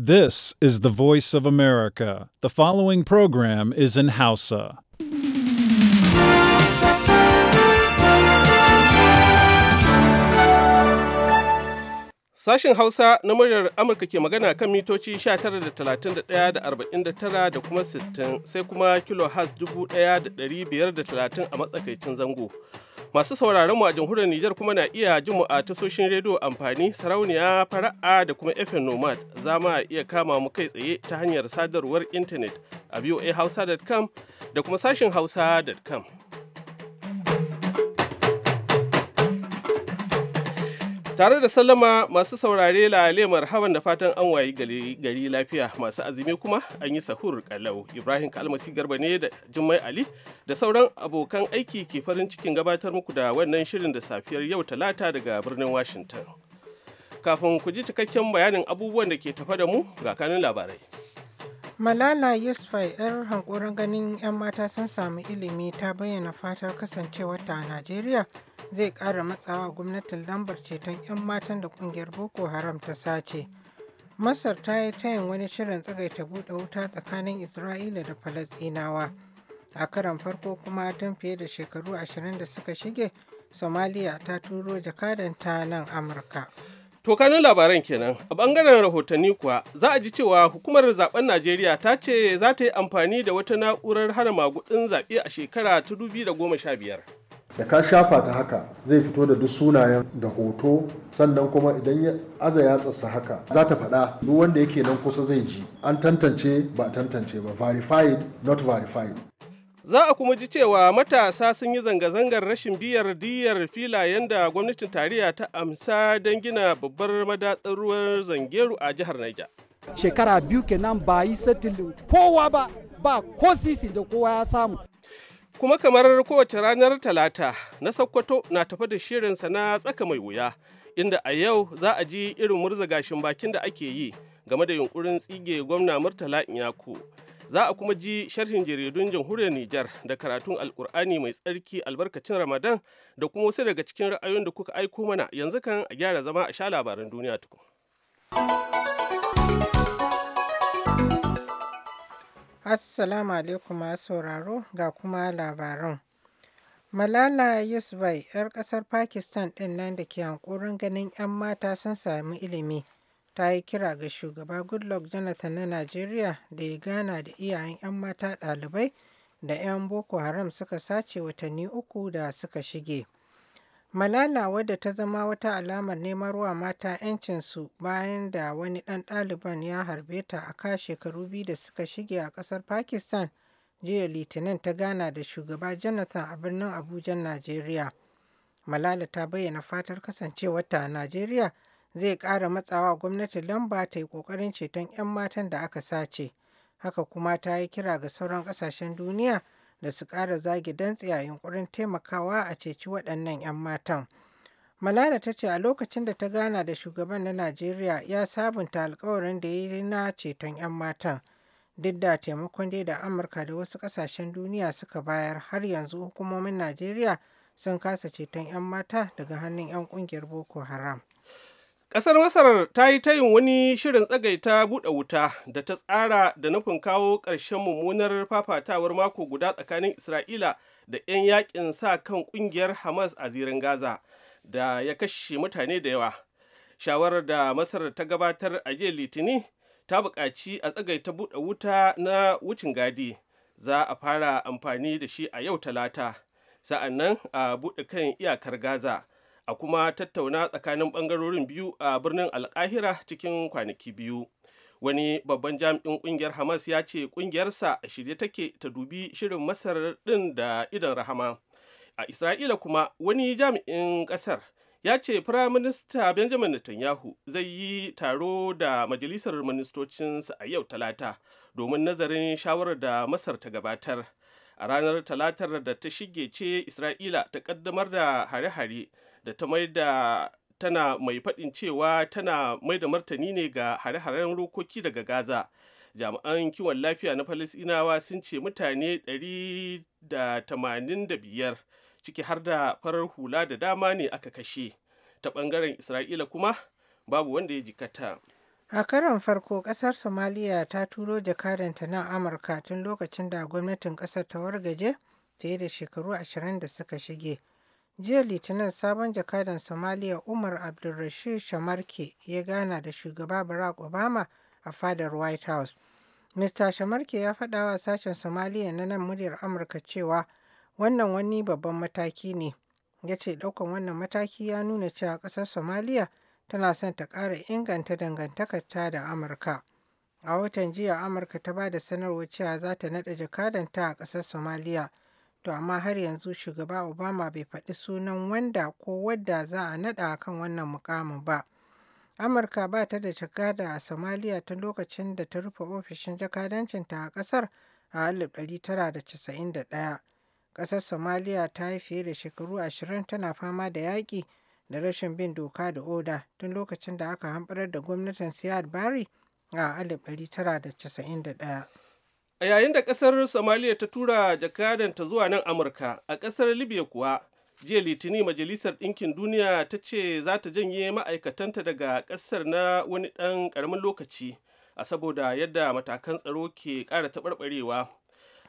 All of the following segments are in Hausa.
This is the voice of America. The following program is in Hausa. Sashen Hausa na muryar Amurka ke magana kan mitoci 19.31.49 da kuma 60 sai kuma kilo has 1530 a matsakaicin zango. Masu sauraron mu a jamhuriyar Nijar kuma na iya jin mu a tasoshin rediyo amfani sarauniya fara'a da kuma FM Nomad za ma iya kama mu kai tsaye ta hanyar sadarwar intanet a voahausa.com da kuma sashin hausa.com. Tare da sallama masu saurare lalemar marhaban da fatan an wayi gari lafiya masu azumi kuma an yi sahur kalau Ibrahim Kalmasi Garba ne da Jummai Ali da sauran abokan aiki ke farin cikin gabatar muku da wannan shirin da safiyar yau talata daga birnin Washington. Kafin ku ji cikakken bayanin abubuwan da ke tafa da mu ga kanin labarai. Malala Yusufai 'yar hankoron ganin 'yan mata sun samu ilimi ta bayyana fatar kasancewarta a Najeriya zai ƙara matsawa gwamnatin lambar ceton 'yan matan da ƙungiyar boko haram ta sace masar ta yi tayin wani shirin tsagaita buɗe wuta tsakanin isra'ila da Falasinawa. a karan farko kuma tun fiye da shekaru 20 da suka shige somaliya ta turo jakadanta nan amurka To kanin labaran kenan a bangaren rahotanni kuwa za a ji cewa hukumar zaben Najeriya ta ce za ta yi amfani da wata na'urar hana magudin zaɓe a shekara ta 2015. da ka shafa ta haka zai fito da duk sunayen da hoto sannan kuma idan ya aza yatsarsa haka za ta faɗa duk wanda yake nan kusa zai ji an tantance ba tantance ba verified not verified za a kuma ji cewa matasa sun yi zanga-zangar rashin biyar diyar filayen da gwamnatin tarayya ta amsa don gina babbar madatsar ruwan zangeru a jihar Niger. shekara biyu kenan ba yi satilin kowa ba ba ko sisi da kowa ya samu kuma kamar kowace ranar talata na sakkwato na tafi da shirinsa na tsaka mai wuya inda a yau za a ji irin murza gashin bakin da ake yi game da yunkurin tsige gwamna murtala inyako za a kuma ji sharhin jaridun jamhuriyar nijar da karatun alkur'ani mai tsarki albarkacin ramadan da kuma wasu daga cikin ra'ayoyin da kuka aiko mana yanzu kan a gyara zama a sha labaran duniya tukun. Assalamu alaikum sauraro ga kuma labaran. Malala Yusufai, 'yar ƙasar Pakistan ɗin nan da ke hankurin ganin 'yan mata sun sami ilimi ta yi kira ga shugaba Goodluck Jonathan na Najeriya da ya gana da iyayen 'yan mata ɗalibai da 'yan Boko Haram suka sace watanni uku da suka shige. Malala wadda ta zama wata alamar neman ruwa mata 'yancinsu bayan da wani ɗan ɗaliban ya harbe ta a ka shekaru biyu da suka shige a ƙasar Pakistan jiya Litinin ta gana da shugaba Jonathan a birnin Abuja, Najeriya. Malala ta bayyana fatar kasancewarta ta Najeriya zai ƙara matsawa gwamnati lamba ta yi ƙoƙarin ceton 'yan matan da aka sace. Haka kuma ta yi kira ga sauran ƙasashen duniya da su ƙara zage dantse a yunkurin taimakawa a ceci waɗannan 'yan matan. Malala ta ce a lokacin da ta gana da shugaban na Najeriya ya sabunta alkawarin da ya yi na ceton 'yan matan. Duk da taimakon dai da Amurka da wasu ƙasashen duniya suka bayar har yanzu hukumomin Najeriya sun kasa ceton 'yan mata daga hannun 'yan ƙungiyar Boko Haram. Ƙasar Masar ta yi tayin wani shirin tsagaita buɗe wuta da ta tsara da nufin kawo ƙarshen mummunar fafatawar mako guda tsakanin Isra'ila da 'yan yakin sa kan ƙungiyar Hamas a zirin Gaza da ya kashe mutane da yawa. Shawarar da Masar ta gabatar a jiya Litini ta buƙaci a tsagaita buɗe wuta na wucin gadi. Za a fara amfani da shi a yau Talata, sa'annan a buɗe kan iyakar Gaza. a kuma tattauna tsakanin bangarorin biyu a birnin alkahira cikin kwanaki biyu wani babban jami'in kungiyar hamas ya ce kungiyarsa a shirye take ta dubi shirin masar din da idan rahama a isra'ila kuma wani jami'in kasar ya ce firaminista benjamin netanyahu zai yi taro da majalisar ministocinsa a yau talata domin nazarin shawarar da masar ta gabatar a ranar talatar da ta shige ce isra'ila ta kaddamar da hare-hare da ta maida tana mai faɗin cewa tana mai da martani ne ga hare-haren rokoki daga gaza jami'an kiwon lafiya na falisinawa sun ce mutane 185 ciki har da farar hula da dama ne aka kashe ta ɓangaren isra'ila kuma babu wanda ya jikata a karon farko kasar somaliya ta turo jakadanta na amurka tun lokacin da gwamnatin kasar ta wargaje fiye da shekaru 20 da suka shige Jiya Litinin sabon jakadan Somalia Umar Abdulrashid Shamarke ya gana da shugaba Barack Obama a fadar White House. Mr. Shamarke ya faɗa wa sashen Somalia na nan muryar Amurka cewa wannan wani babban mataki ne. Ya ce ɗaukan wannan mataki ya nuna cewa ƙasar Somaliya, tana son ta ƙara inganta dangantakarta da Amurka. A watan jiya Amurka ta ba da sanarwar cewa za ta naɗa jakadanta a ƙasar Somaliya. To amma har yanzu shugaba Obama bai faɗi sunan wanda ko wadda za a naɗa kan wannan mukamin ba. Amurka ba ta da jakada a Somalia tun lokacin da ta rufe ofishin jakadancinta a ƙasar a 1991. Ƙasar Somalia ta yi fiye da shekaru ashirin tana fama da yaƙi da rashin bin doka da oda tun lokacin da aka hamɓarar da gwamnatin Siad Barre a 1991. a yayin da ƙasar somaliya ta tura jakadanta zuwa nan amurka a ƙasar libya kuwa jiya litinin majalisar ɗinkin duniya ta ce za ta janye ma'aikatanta daga ƙasar na wani ɗan ƙaramin lokaci a saboda yadda matakan tsaro ke ƙara taɓarɓarewa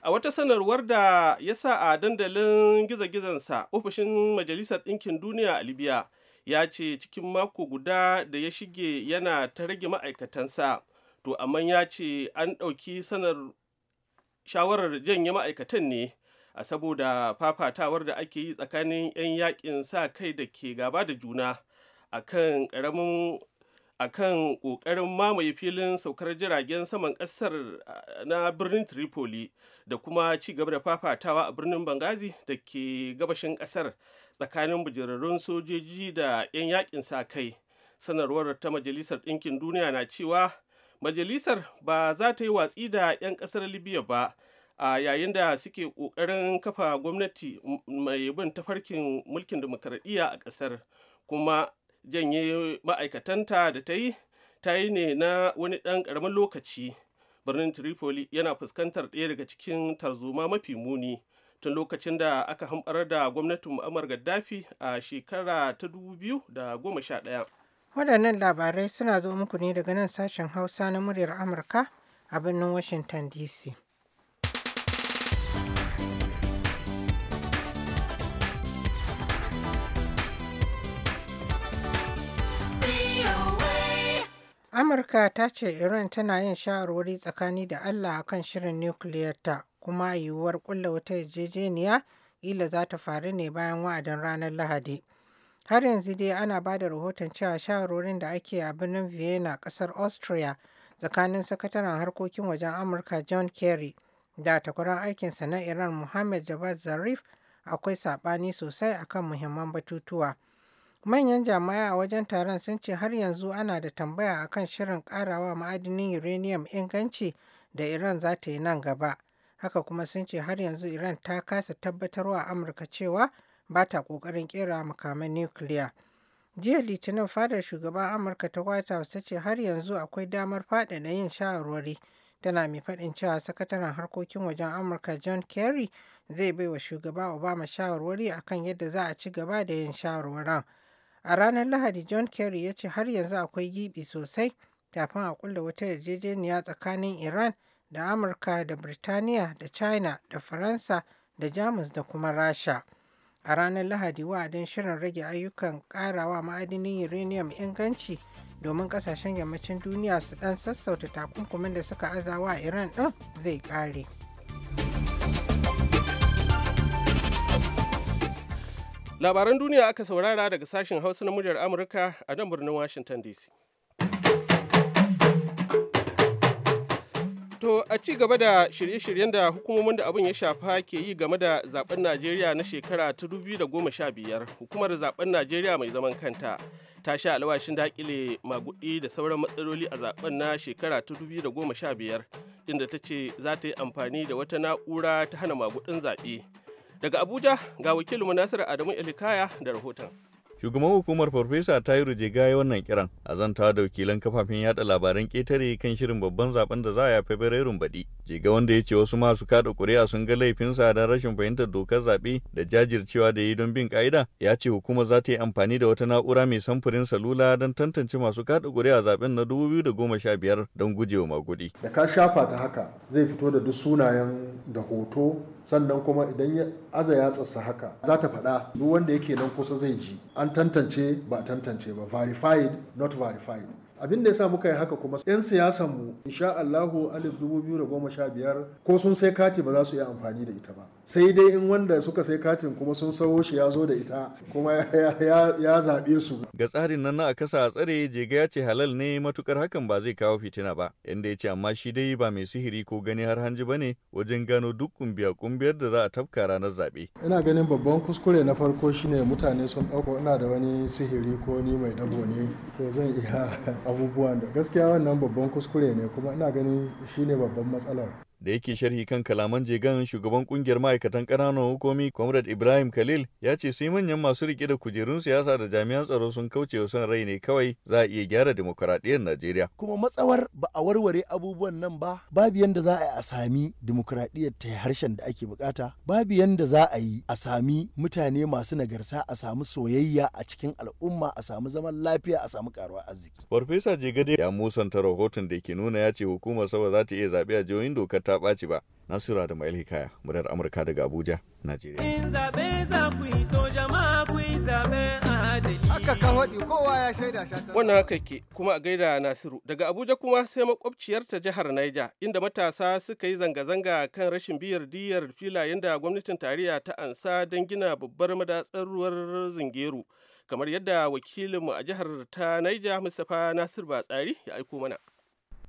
a wata sanarwar da ya sa a dandalin giza-gizansa ofishin majalisar ɗinkin duniya a libya ya ce cikin mako guda da ya shige yana ta rage ma'aikatansa to amma ya ce an ɗauki sanar shawarar janye ma'aikatan ne a saboda fafatawar da ake yi tsakanin 'yan yakin sa kai da ke gaba da juna a kan ƙoƙarin mamaye filin saukar jiragen saman ƙasar na birnin tripoli da kuma ci gaba da fafatawa a birnin bangazi da ke gabashin ƙasar tsakanin bujirarrun sojoji da 'yan yakin sa kai sanarwar ta majalisar ɗinkin duniya na cewa majalisar ba za ta yi watsi da 'yan kasar libya ba a yayin da suke ƙoƙarin kafa gwamnati mai bin tafarkin mulkin demokaradiyya a ƙasar kuma janye ma'aikatanta da ta yi ta yi ne na wani ɗan ƙaramin lokaci birnin tripoli yana fuskantar ɗaya daga cikin tarzoma mafi muni tun lokacin da aka hamɓarar da gwamnatin mu'amar gaddafi a shekara ta 2011 Waɗannan labarai suna zo muku ne daga nan sashen Hausa na muryar Amurka a birnin Washington DC. Amurka ta ce Iran tana yin shawarwari tsakani da Allah a kan shirin nukiliyar ta kuma yiwuwar kulla wata yarjejeniya ila za ta faru ne bayan wa'adin ranar Lahadi. Har yanzu dai ana ba da rahoton cewa shawarorin da ake a birnin Vienna ƙasar Austria tsakanin sakataren harkokin wajen Amurka John Kerry da takwaran aikinsa na Iran Mohammed Javad Zarif akwai saɓani sosai akan muhimman batutuwa. Manyan jama'a a wajen taron sun ce har yanzu ana da tambaya akan shirin ƙarawa ma'adinin uranium inganci da Iran za ta yi nan gaba. Haka kuma sun ce har yanzu Iran ta kasa tabbatarwa Amurka cewa ba ta ƙoƙarin kera makaman nukiliya. Jiya Litinin fadar shugaban Amurka ta White House ta ce har yanzu akwai damar faɗaɗa yin shawarwari. Tana mai faɗin cewa sakataren harkokin wajen Amurka John Kerry zai baiwa shugaba Obama shawarwari akan yadda za a ci gaba da yin shawarwaran. A ranar Lahadi John Kerry ya ce har yanzu akwai gibi sosai kafin a kulla wata yarjejeniya tsakanin Iran da Amurka da Birtaniya da China da Faransa da Jamus da kuma Rasha. A ranar Lahadi wa'adin shirin rage ayyukan ƙarawa ma'adinin uranium inganci domin kasashen yammacin duniya su ɗan sassauta takunkumin da suka azawa Iran ɗin zai ƙare. Labaran duniya aka saurara daga sashen Hausa na muryar Amurka a nan birnin Washington DC. To a ci gaba da shirye-shiryen da hukumomin da abin ya shafa ke yi game da zaben Najeriya na shekara ta 2015 hukumar zaben Najeriya mai zaman kanta ta sha alwashin dakile magudi da sauran matsaloli a zaben na shekara ta 2015 inda ta ce za ta yi amfani da wata na'ura ta hana magudin zaɓe. Daga Abuja ga wakilin Nasiru Adamu Ilikaya da rahoton. shugaban hukumar farfesa tayiru jega ya wannan kiran a zanta da wakilan kafafen yada labaran ketare kan shirin babban zaben da za a yi fabrairun baɗi jega wanda ya ce wasu masu kada kuri'a sun ga laifinsa don rashin fahimtar dokar zaɓe da jajircewa da yi don bin ka'ida ya ce hukumar za ta yi amfani da wata na'ura mai samfurin salula don tantance masu kada kuri'a zaben na 2015 don gujewa magudi da ka shafa ta haka zai fito da duk sunayen da hoto sannan kuma idan ya aza haka za ta faɗa duk wanda yake nan kusa zai ji an tantance ba tantance ba verified not verified abin da ya sa muka yi haka kuma yan siyasan mu insha Allahu alif 2015 ko sun sai katin ba za su iya amfani da ita ba sai dai in wanda suka sai katin kuma sun sawo shi ya zo da ita kuma ya zaɓe su ga tsarin nan na a kasa a tsare jega ya ce halal ne matukar hakan ba zai kawo fitina ba inda ya ce amma shi dai ba mai sihiri ko gani har hanji ba ne wajen gano duk kumbiya kumbiyar da za a tafka ranar zaɓe ina ganin babban kuskure na farko shine mutane sun ɗauko ina da wani sihiri ko ni mai dabo ne to zan iya abubuwan da gaskiya wannan babban kuskure ne kuma ina ganin shi ne babban matsalar da yake sharhi kan kalaman jegan shugaban kungiyar ma'aikatan ƙananan hukumi comrade ibrahim khalil ya ce sai manyan masu rike da kujerun siyasa da jami'an tsaro sun kauce wa son rai ne kawai za a iya gyara dimokuraɗiyyar najeriya kuma matsawar ba a warware abubuwan nan ba babu yadda za a yi a sami dimokuraɗiyyar ta harshen da ake bukata babu yadda za a yi a sami mutane masu nagarta a sami soyayya a cikin al'umma a samu zaman lafiya a samu karuwa arziki farfesa jegade ya musanta rahoton da ke nuna ya ce hukumar sama za ta iya zaɓe a jihohin dokar ta ɓaci ba nasura da ma'il hikaya murar amurka daga abuja najeriya haka kan waɗi kowa ya shaida wannan haka ke kuma a gaida nasiru daga abuja kuma sai makwabciyar ta jihar naija inda matasa suka yi zanga-zanga kan rashin biyar diyar filayen da gwamnatin tarayya ta ansa don gina babbar madatsar ruwar zingeru kamar yadda wakilinmu a jihar ta naija mustapha nasir batsari ya aiko mana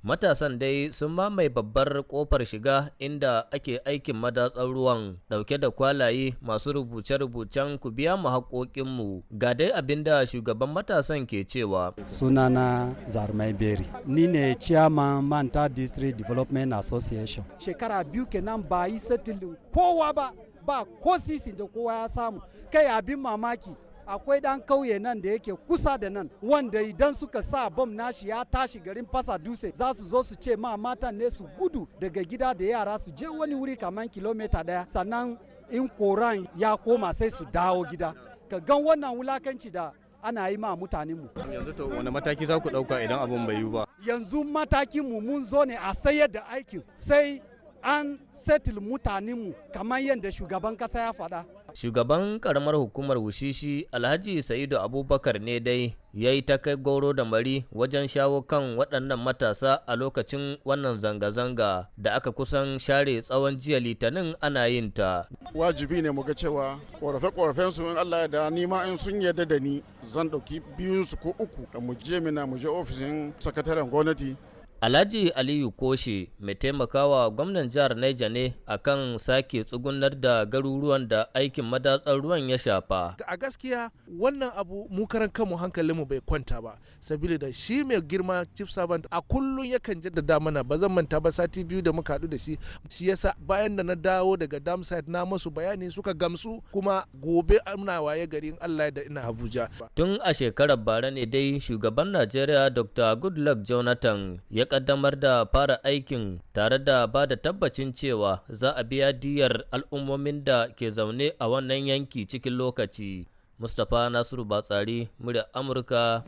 Matasan dai sun mamaye babbar kofar shiga inda ake aikin madatsar ruwan dauke da kwalaye masu rubuce-rubucen ku biya mu haƙoƙinmu ga dai abinda shugaban matasan ke cewa. Sunana Zarmai Beri, ni ne Chairman Manta District Development Association. Shekara biyu kenan ba yi settling kowa ba, ba ko sisi da kowa ya samu, kai abin mamaki. akwai dan kauye nan da yake kusa da nan wanda idan suka sa bom nashi ya tashi garin fasa dutse za su zo su ce ma matan ne su gudu daga gida da yara su je wani wuri kamar kilomita daya sannan in koran ya koma sai su dawo gida ka gan wannan wulakanci da ana yi ma mu. Yanzu to wani mataki za ku ɗauka idan abin bai yi ba? Yanzu matakinmu mun zo ne a sayar da aikin sai an setil mutanenmu kamar yadda shugaban kasa ya faɗa. Shugaban karamar hukumar Wushishi Alhaji Sa'idu Abubakar ne dai ya yi ta kai goro da mari wajen shawo kan waɗannan matasa a lokacin wannan zanga-zanga da aka kusan share tsawon jiya litinin ana yin ta. Wajibi ne muga cewa ƙorafe-ƙorafen su in Allah ya da ni ma in sun yadda da ni zan ɗauki biyun su ko uku da mu je mina mu je ofishin sakataren gwamnati Alhaji Aliyu koshi mai taimakawa gwamnan jihar Naija ne a kan sake tsugunar da garuruwan da aikin madatsar ruwan ya shafa. A gaskiya wannan abu mu karan kanmu hankalinmu bai kwanta ba, sabili da shi mai girma chief servant a kullum yakan jaddada mana ba zan manta ba sati biyu da muka haɗu da shi. Shi yasa bayan da na dawo daga Damside na masu bayani suka gamsu kuma gobe ana waye garin Allah da ina Abuja. Tun a shekarar bara ne dai shugaban Najeriya Dr. Goodluck Jonathan ya ƙaddamar da fara aikin tare da ba da tabbacin cewa za a biya diyar al'ummomin da ke zaune a wannan yanki cikin lokaci. Mustapha Nasiru Batsari, murya Amurka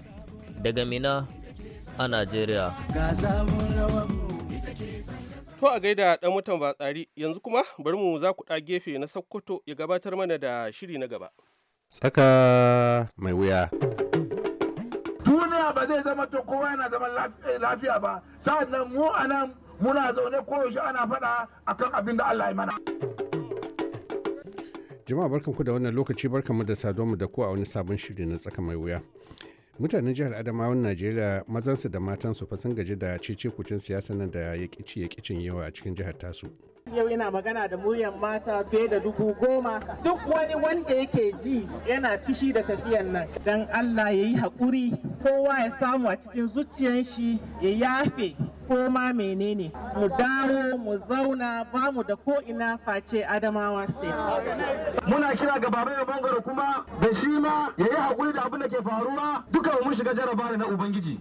daga Mina a Najeriya. To a gaida ɗan mutan Batsari, yanzu kuma bari mu za ku ɗa gefe na Sokoto ya gabatar mana da shiri na gaba. Tsaka mai wuya. duniya ba zai zama to kowa yana zama eh, lafiya ba sa'annan mu anan muna zaune koyaushe ana faɗa akan abin da Allah ya mana. Jama'a barkanku da wannan lokaci barkanmu da saduwa da ku a wani sabon shiri na tsaka mai wuya. Mutanen jihar Adamawan Najeriya mazansu da matansu fa sun gaji da cece kucin siyasa nan da ya ƙici ya yawa a cikin jihar tasu. yau ina magana da muryan mata fiye da dubu goma duk wani wanda yake ji yana fishi da tafiyan nan dan Allah ya yi haƙuri kowa ya samu a cikin zuciyan shi ya yafe ko ma menene mu dawo mu zauna ba mu da ko ina face adamawa state muna kira ga baba ya bangaro kuma da shi ma ya yi haƙuri da abin da ke faruwa duka mun shiga jarabawa na ubangiji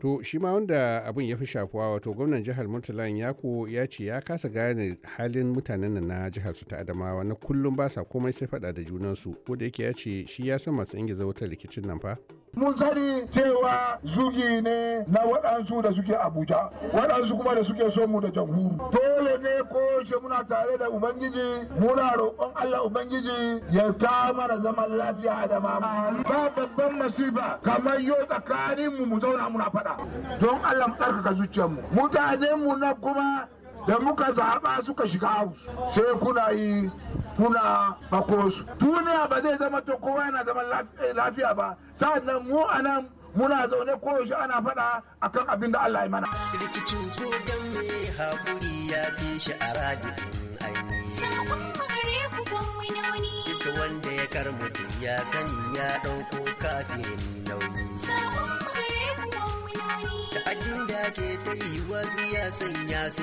to shi ma wanda abin ya fi shafuwa wato gwamnan jihar murtalan yako ya ce ya kasa gane halin mutanen nan na jihar su ta adamawa na kullum ba sa komai sai fada da junansu ko da yake ya ce shi ya san masu ingiza wutar rikicin nan fa mun sani cewa zugi ne na waɗansu da suke abuja waɗansu kuma da suke so mu da jamhuru dole ne ko shi muna tare da ubangiji muna roƙon allah ubangiji ya kama zaman lafiya da mama ba babban masifa kamar yau tsakaninmu mu zauna muna faɗa don allah mu zuciyar zuciyarmu mutanen mu na kuma da muka zaɓa suka shiga house sai kuna yi kuna bakosu duniya ba zai zama to kowa yana zama eh, lafiya ba sa'annan mu anan muna zaune koyaushe ana faɗa akan abin da Allah ya mana. Rikicin haƙuri ya fi shi a rajin aini. Sabon mare wani. Duk wanda ya karmutu ya sani ya ɗauko kafin su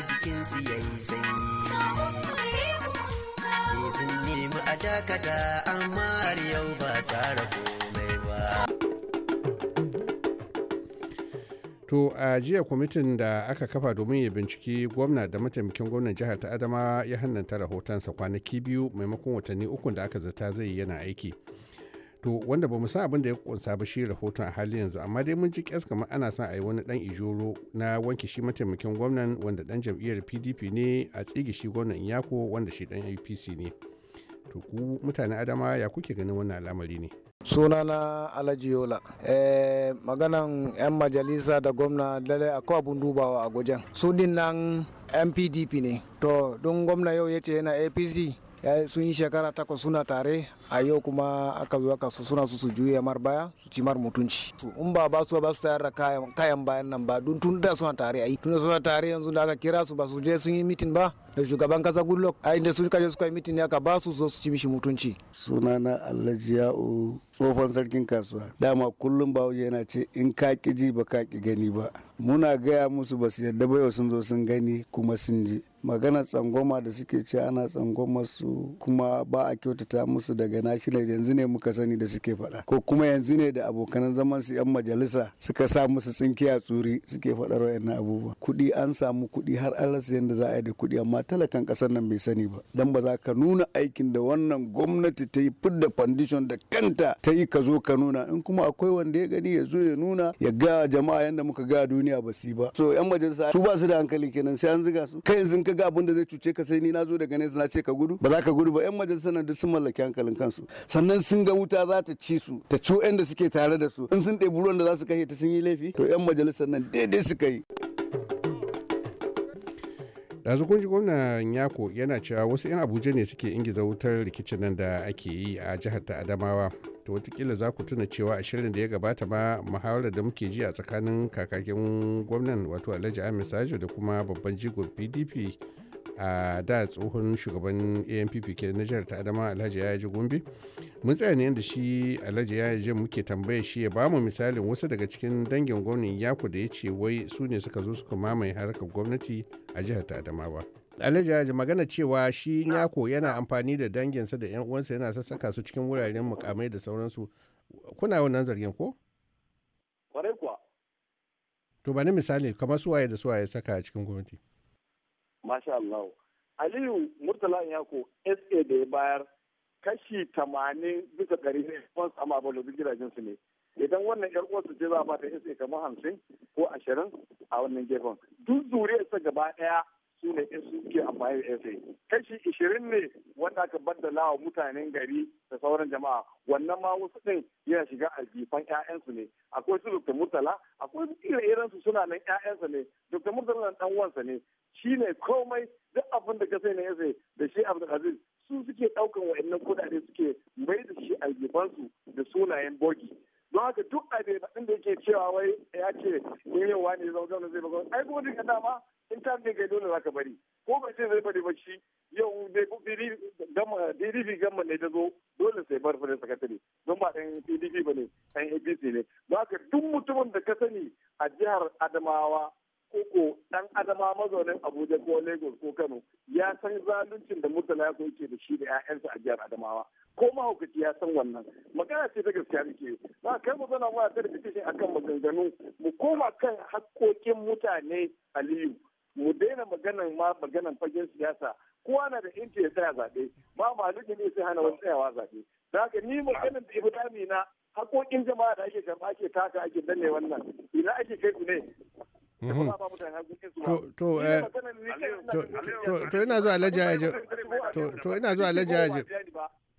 jikinsu ya yi a dakata yau ba tsara komai ba To a jiya kwamitin da aka kafa domin ya binciki gwamna da mataimakin gwamnan jihar ta Adama ya hannanta rahotonsa kwanaki biyu maimakon watanni ukun da aka zata zai yana aiki. to wanda ba mu san abin da ya kunsa ba shi rahoton a halin yanzu amma dai mun ji kyas kamar ana son a yi wani dan ijoro na wanke shi mataimakin gwamnan wanda dan jam'iyyar pdp ne a tsige shi gwamnan yako wanda shi dan apc ne to ku mutane adama ya kuke ganin wannan al'amari ne sunana alhaji yola eh, maganan 'yan majalisa da gwamna lalai akwai abun dubawa a gujen su din nan mpdp ne to don gwamna yau ya ce yana apc sun yi shekara takwas suna tare a yau kuma aka zo aka suna su su juya mar baya su ci mar mutunci in ba ba su ba su tayar da kayan bayan nan ba don tun da suna tare ai tun da suna tare yanzu da aka kira su ba su je sun yi mitin ba da shugaban kasa gullok a inda sun kaje suka yi mitin aka ba su zo su ci mishi mutunci sunana alhaji o tsohon sarkin kasuwa dama kullum bawo yana ce in ka ki ji ba ka ki gani ba muna gaya musu ba su yadda ba yau sun zo sun gani kuma sun ji magana tsangwama da suke ce ana tsangwama su kuma ba a kyautata musu daga ne yanzu ne muka sani da suke fada, ko kuma yanzu ne da abokan zaman su yan majalisa suka sa musu a tsuri suke faɗar wayannan abubuwa kuɗi an samu kuɗi har an rasa yadda za a yi da kuɗi amma talakan ƙasar nan bai sani ba dan ba za ka nuna aikin da wannan gwamnati ta yi fidda foundation da kanta ta yi ka zo ka nuna in kuma akwai wanda ya gani ya zo ya nuna ya ga jama'a yanda muka ga duniya ba su ba so yan majalisa su ba su da hankali kenan sai an ziga su kai yanzu ka ga abin da zai cuce ka sai ni na zo daga nesa na ce ka gudu ba za ka gudu ba yan majalisa nan duk sun mallaki hankalin kansu sannan sun ga wuta za ta ci su ta ci da suke tare da su in sun ɗebi ruwan da za su kashe ta sun yi laifi to 'yan majalisar nan daidai suka yi yanzu kun gwamnan yako yana cewa wasu 'yan abuja ne suke ingiza wutar rikicin nan da ake yi a jihar ta adamawa to watakila za ku tuna cewa a shirin da ya gabata ma muhawarar da muke ji a tsakanin kakakin gwamnan wato alhaji amin sajo da kuma babban jigon pdp a da tsohon shugaban ampp ke na jihar ta adama alhaji ji gombe mun tsaya ne da shi alhaji ji muke tambaya shi ya bamu misalin wasu daga cikin dangin gwamnan yaku da ya ce wai su ne suka zo suka mamaye harkar gwamnati a jihar ta ba. alhaji ji magana cewa shi yako yana amfani da danginsa da yan uwansa yana sassaka su cikin wuraren mukamai da sauransu kuna wannan zargin ko kwarai kuwa to ba ni misali kamar suwaye da suwaye saka a cikin gwamnati masha Allah Aliyu Murtala Yako SA da ya bayar kashi tamanin bisa ɗari ne wasu amma ba gidajen su ne idan wannan yar uwarsa ce za a bata SA kamar hamsin ko ashirin a wannan gefen duk sa gaba ɗaya su ne in ke amfani da SA. Kashi ishirin ne wanda aka baddala wa mutanen gari da sauran jama'a wannan ma wasu ɗin yana shiga aljifan 'ya'yansu ne akwai su Dr. Murtala akwai ire-iren su suna nan 'ya'yansa ne Dr. Murtala nan ɗan wansa ne shi ne komai duk abin da ka sai na SA da shi Abdulaziz su suke ɗaukan wa'annan kuɗaɗe suke mai da shi aljifansu da sunayen bogi. don haka duk abin da yake cewa wai ya ce in eh, yawa ne zaune zai bagon ai da ka dama in ta ne kai dole zaka bari ko ba ce zai bari ba shi yau DDP gama ne ta zo dole sai bar saka sakatare don ba dan PDP ba ne APC ne ba ka duk mutumin da ka sani a jihar Adamawa koko dan adama mazaunin abuja ko lagos ko kano ya san zaluncin da murtala ya yake da shi da 'ya'yansa a jihar adamawa ko mahaukaci ya san wannan magana ce ta gaskiya nake ba kai mu zana da tarbitishin akan maganganu mu koma kan hakkokin mutane aliyu mu daina maganan ma maganan fagen siyasa kowa na da inci ya tsaya zaɓe ma maliki ne sai hana wani tsayawa zaɓe da haka ni maganan da ibrahim na haƙoƙin jama'a da ake karɓa ake taka ake danne wannan ina ake kai ku ne mhm. eh, to ina zuwa alhaji ya to ina zuwa alhaji ya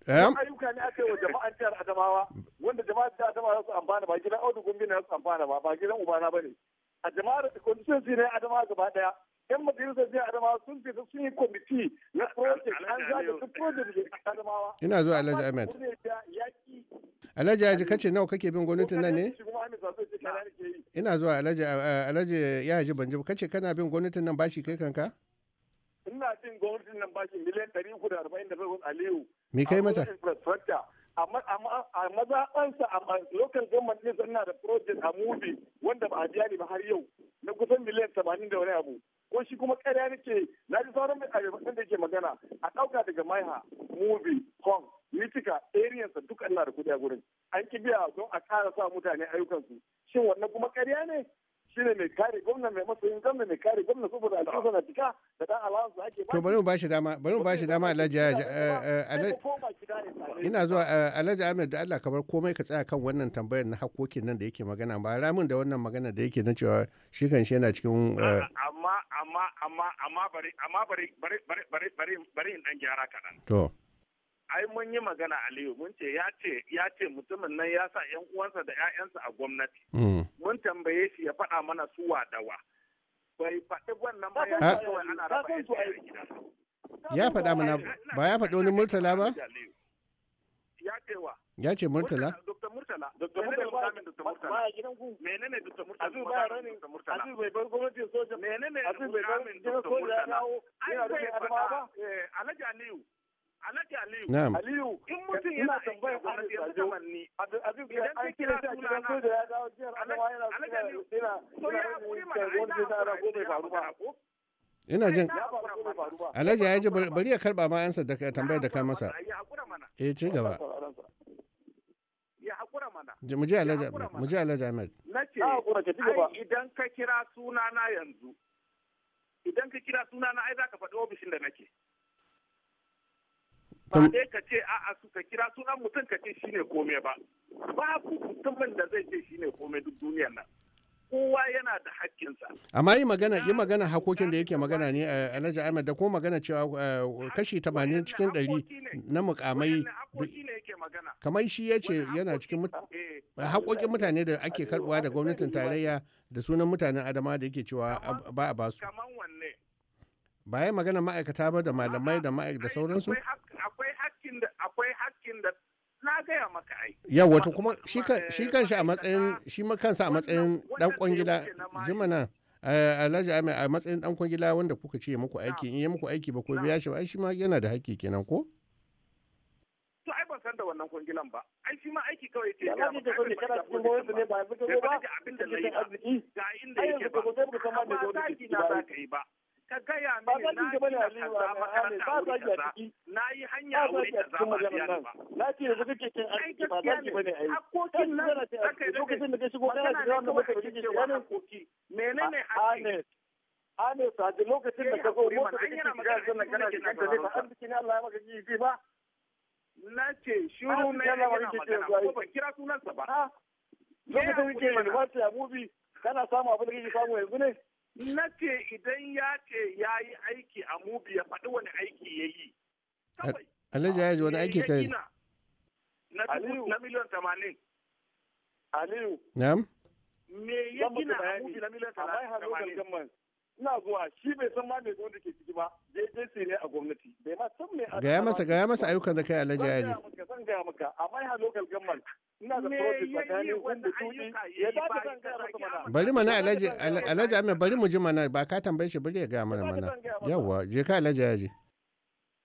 eh? ayyuka ne ake yi wa jama'an jihar adamawa wanda jama'an jihar adamawa za su amfana ba gidan audu gumbi na su amfana ba ba gidan ubana ba ne a jama'ar kwamitin zai ne adama gaba daya yan majalisar zai adama sun fita sun yi kwamiti na project an zaga su project da adamawa ina zuwa alhaji ahmed alhaji haji kace nawa kake bin gwamnatin nan ne ina zuwa alhaji eh, alhaji ya haji banjo kace kana bin gwamnatin nan bashi kai kanka ina bin gwamnatin nan bashi miliyan 347 aliyu me kai mata infrastructure a mazaɓansa a lokal zaman ɗin suna da project a mube wanda ba a biya ne ba har yau na kusan miliyan tamanin da wani abu ko shi kuma ƙarya nake na ji sauran abin da ke magana a ɗauka daga maiha mube kong mitika ariyansa duk ana da kuɗi a gurin an ki biya don a ƙara sa mutane ayyukansu shin wannan kuma karya ne shine mai kare gwamna mai matsayin gwamna mai kare gwamna saboda alƙawar na cika da dan alawansu ake To bari mu bashi dama bari mu bashi dama Alhaji eh, eh, ina zuwa eh, Alhaji Ahmed da Allah kamar komai ka tsaya kan wannan tambayar na hakokin nan da yake magana ba ramin da wannan magana da yake na cewa shi kan shi yana cikin amma amma amma amma bari amma bari bari bari bari bari in dan gyara kaɗan. To. ai mun yi magana aliyu mun ce ya ce ya ce mutumin nan ya sa yan uwansa da ƴaƴansa a gwamnati hmm. mun tambaye shi ya faɗa mana su wadawa bai faɗi wannan ba ya ce ana raba ya faɗa mana ba ya faɗi wani murtala ba ya ce wa ya ce murtala dr murtala dr murtala dr murtala menene dr murtala azu ba ranin dr murtala azu bai bar dr murtala menene dr murtala Alhaji Aliyu. in mutum yana tambaya ba da Idan ka kira Aliyu. So ya kuri mana ai da ya tambayar da ka masa. ce gaba. Ya haƙura mana. Mu je Alhaji mu Alhaji Ahmed. idan ka kira sunana yanzu. Idan ka kira sunana ai za ka faɗi ofishin da nake. ba dai ka ce a'a su ka kira sunan mutum ka ce shine komai ba babu mutumin da zai ce shine komai duk duniyar nan kowa yana da hakkinsa. Amma yi magana yi magana hakokin da yake magana ne a eh, Alhaji Ahmed da ko magana cewa eh, kashi tamanin cikin ɗari na mukamai kamar shi ya ce yana cikin eh. hakokin mutane da ake karbuwa da gwamnatin tarayya da sunan mutanen adama da yake cewa ba a basu. Ba ya magana ma'aikata ba da malamai da ma'aikata da sauransu? na gaya maka ai Ya wato kuma shi eh, kanshi eh, a matsayin shi kansa a matsayin dan kwangila jimana alhaji ame a matsayin dan kwangila wanda kuka ce muku aiki in yi muku aiki ba ko biya shi ba ai shi ma yana da haƙƙi kenan ko to ai ban san da wannan kwangilan ba ai shi ma aiki kawai ce ya ba ka ne kana cikin gwamnati ne ba ya fito ba abin da zai yi ga inda yake ba ba za ki na za ka yi ba ka gaya mini na yi kaza wuri kaza na yi hanya wuri kaza ba biya ba. Na ce yanzu kake kin aiki ba zaki bane nan zaka yi lokacin da ka shigo kana shiga wannan maka kike cewa hakoki menene hakoki? Ane sa lokacin da ka zo mota da kike shiga sannan kana shiga da ne Allah ya maka kike ba. Na ce shiru ne yana magana ko kira sunansa ba. Lokacin da kike manufata movie kana samu abin da kike samu yanzu ne? na ce idan ya ce ya yi aiki a mubi ya faɗi wani aiki ya yi alhaji ya wani aiki eh, kai na miliyan tamanin aliyu na'am me ya gina a mubi na miliyan tamanin ina zuwa shi bai san ma mai wanda ke ciki ba jjc ne a gwamnati bai ma san mai gaya masa gaya masa ayyukan da kai alhaji yaji zan gaya maka amma ya local government ina da project tsakanin wanda ya zan gaya masa mana bari mana alhaji alhaji amma bari mu ji mana ba ka tambaye shi bari ya gaya mana mana yawa je ka alhaji yaji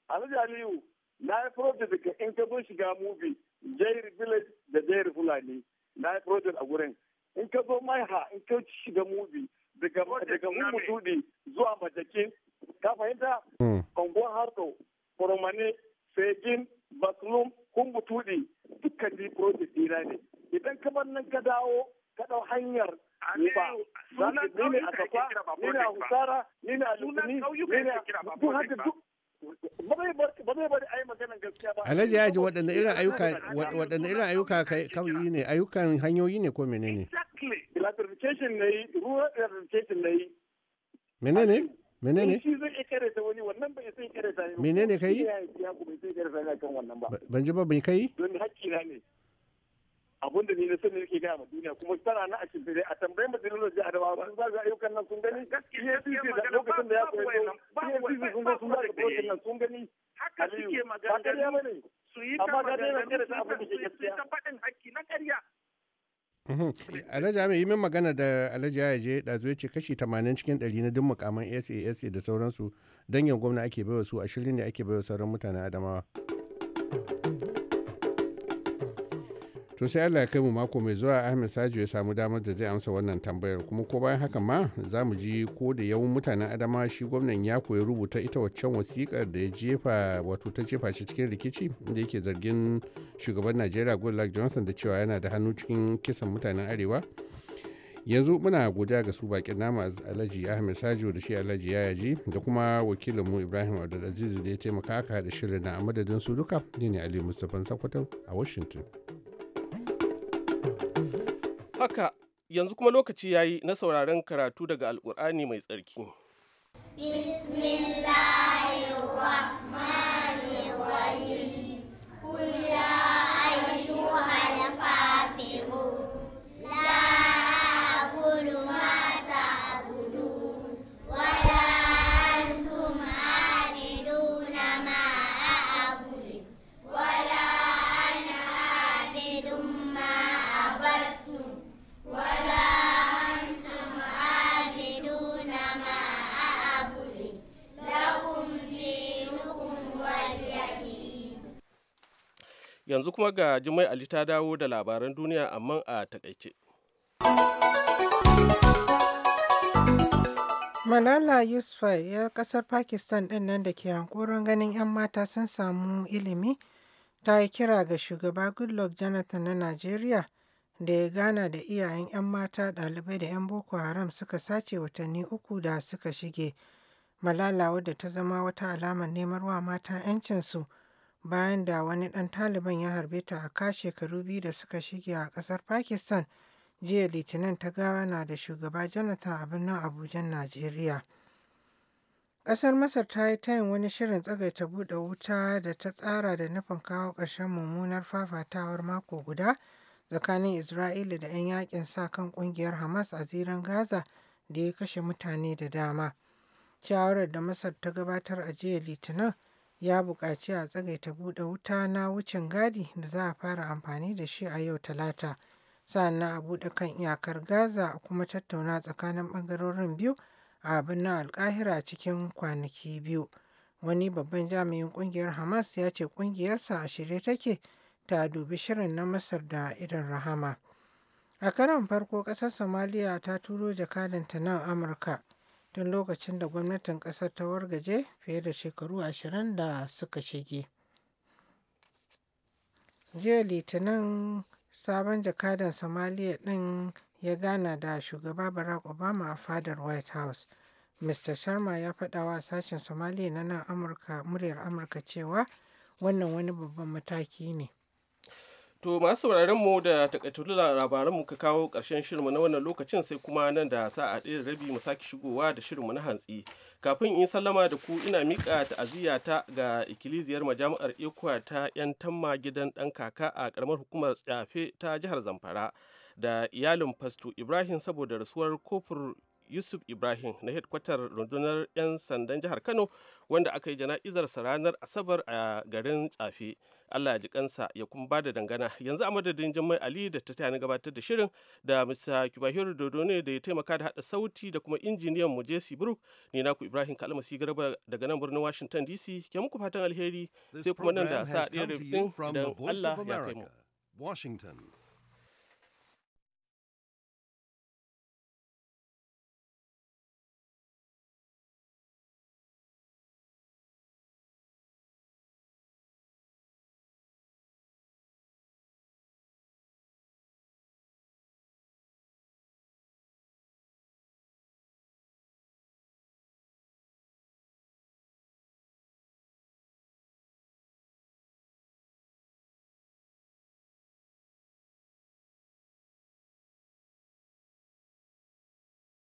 alhaji aliyu na yi project daga in ka zo shiga movie jair village da jair fulani na yi project a gurin in ka zo maiha in ka shiga movie daga umu dudi zuwa majakin ka fahimta anguwan hmm. hardo koromane segin baslum kumbu tudi dukkan di project dina ne idan kamar nan ka dawo ka dau hanyar ba za ka ne a kafa ne a husara ne a lukuni ne a duk Alhaji ya ji waɗanda irin ayyuka waɗanne kai yi ne ayyukan hanyoyi ne ko menene? Classification na yi, ruwa classification na yi. Menene? Menene? Shi zai iya wani wannan bai sai ne. Menene kai? Ya ne kan wannan Ban ji ba bai kai? Don hakki na ne. Abun da ni na sani yake gaya ma duniya kuma tana na a a tambayin majalisar jihar Adamawa ba za ga ayyukan nan sun gani. Gaskiya da lokacin da ya koyi sun sun ba nan sun gani. Haka suke Su yi da Alhaji Ahmed yi min magana da Alhaji ya je ɗazu ya ce kashi 80 cikin 100 na duk mukaman SASA da sauransu dangin gwamna ake baiwa su a shirin ne ake baiwa sauran mutanen Adamawa. to sai allah ya kai mu mako mai zuwa ahmed sajo ya samu damar da zai amsa wannan tambayar kuma ko bayan haka ma za mu ji ko da yawan mutanen adama shi gwamnan ya koyi rubuta ita waccan wasikar da ya jefa wato ta jefa shi cikin rikici da yake zargin shugaban najeriya goodluck johnson da cewa yana da hannu cikin kisan mutanen arewa yanzu muna godiya ga su bakin nama alhaji ahmed sajo da shi alhaji yayaji da kuma wakilinmu ibrahim abdulaziz da ya taimaka aka haɗa shirin na a madadin su duka ne ali mustapha sakwato a washington Haka yanzu kuma lokaci ya yi na sauraron karatu daga Alƙur'ani mai tsarki. Bismillahirrahmanirrahim. Kul ayyuhal yanzu kuma ga jimai ali ta dawo da labaran duniya amma a takaice malala yusufa ya kasar pakistan din nan da ke hankoron ganin 'yan mata sun samu ilimi ta yi kira ga shugaba goodluck jonathan na najeriya da ya gana da iyayen 'yan mata ɗalibai da 'yan boko haram suka sace watanni uku da suka shige malala wadda ta zama wata alamar wa mata 'yancinsu bayan da wani ɗan Taliban ya harbe ta a ka shekaru biyu da suka shige a ƙasar Pakistan jiya Litinin ta gana da shugaba Jonathan a birnin Abujan Najeriya. Ƙasar Masar ta yi tayin wani shirin tsagaita buɗe wuta da ta tsara da nufin kawo ƙarshen mummunar fafatawar mako guda tsakanin Isra'ila da 'yan yakin sa kan ƙungiyar Hamas a ziran Gaza da ya kashe mutane da dama. Shawarar da Masar ta gabatar a jiya Litinin ya buƙaci a tsagaita buɗe wuta na wucin gadi da za a fara amfani da shi a yau talata sannan a buɗe kan iyakar gaza kuma tattauna tsakanin ɓangarorin biyu a birnin alkahira cikin kwanaki biyu wani babban jami'in ƙungiyar hamas ya ce ƙungiyarsa a shirye take ta dubi shirin na masar da idan rahama a karon farko ƙasar somaliya ta turo jakadanta nan amurka tun lokacin da gwamnatin ƙasar ta wargaje fiye da shekaru ashirin da suka shige. jiya litinin sabon jakadan somaliya ɗin ya gana da shugaba barack obama a fadar white house mr sharma ya faɗa wa sashen somaliya na nan muryar amurka cewa wannan wani babban mataki ne To masu sauraron mu da takaitattun labaran ka kawo ƙarshen shirinmu na wannan lokacin sai kuma nan da sa'a ɗaya da rabi mu sake shigowa da shirinmu na hantsi. Kafin in sallama da ku ina miƙa ta'aziyya ta ga ikiliziyar majami'ar Ikuwa ta 'yan tamma gidan ɗan kaka a ƙaramar hukumar tsafe ta jihar Zamfara da iyalin fasto Ibrahim saboda rasuwar kofur yusuf ibrahim na hedkwatar rundunar 'yan sandan jihar kano wanda aka yi jana'izar sa ranar asabar a garin tsafe allah ji kansa ya kuma ba da dangana yanzu a madadin jimai ali da ta tayani gabatar da shirin da mr kibahir dodo ne da ya taimaka da hada sauti da kuma injiniyan mu jesse brook ne naku ibrahim kalmasi garba daga nan birnin washington dc ke muku fatan alheri sai kuma nan da sa ɗaya da allah ya kai mu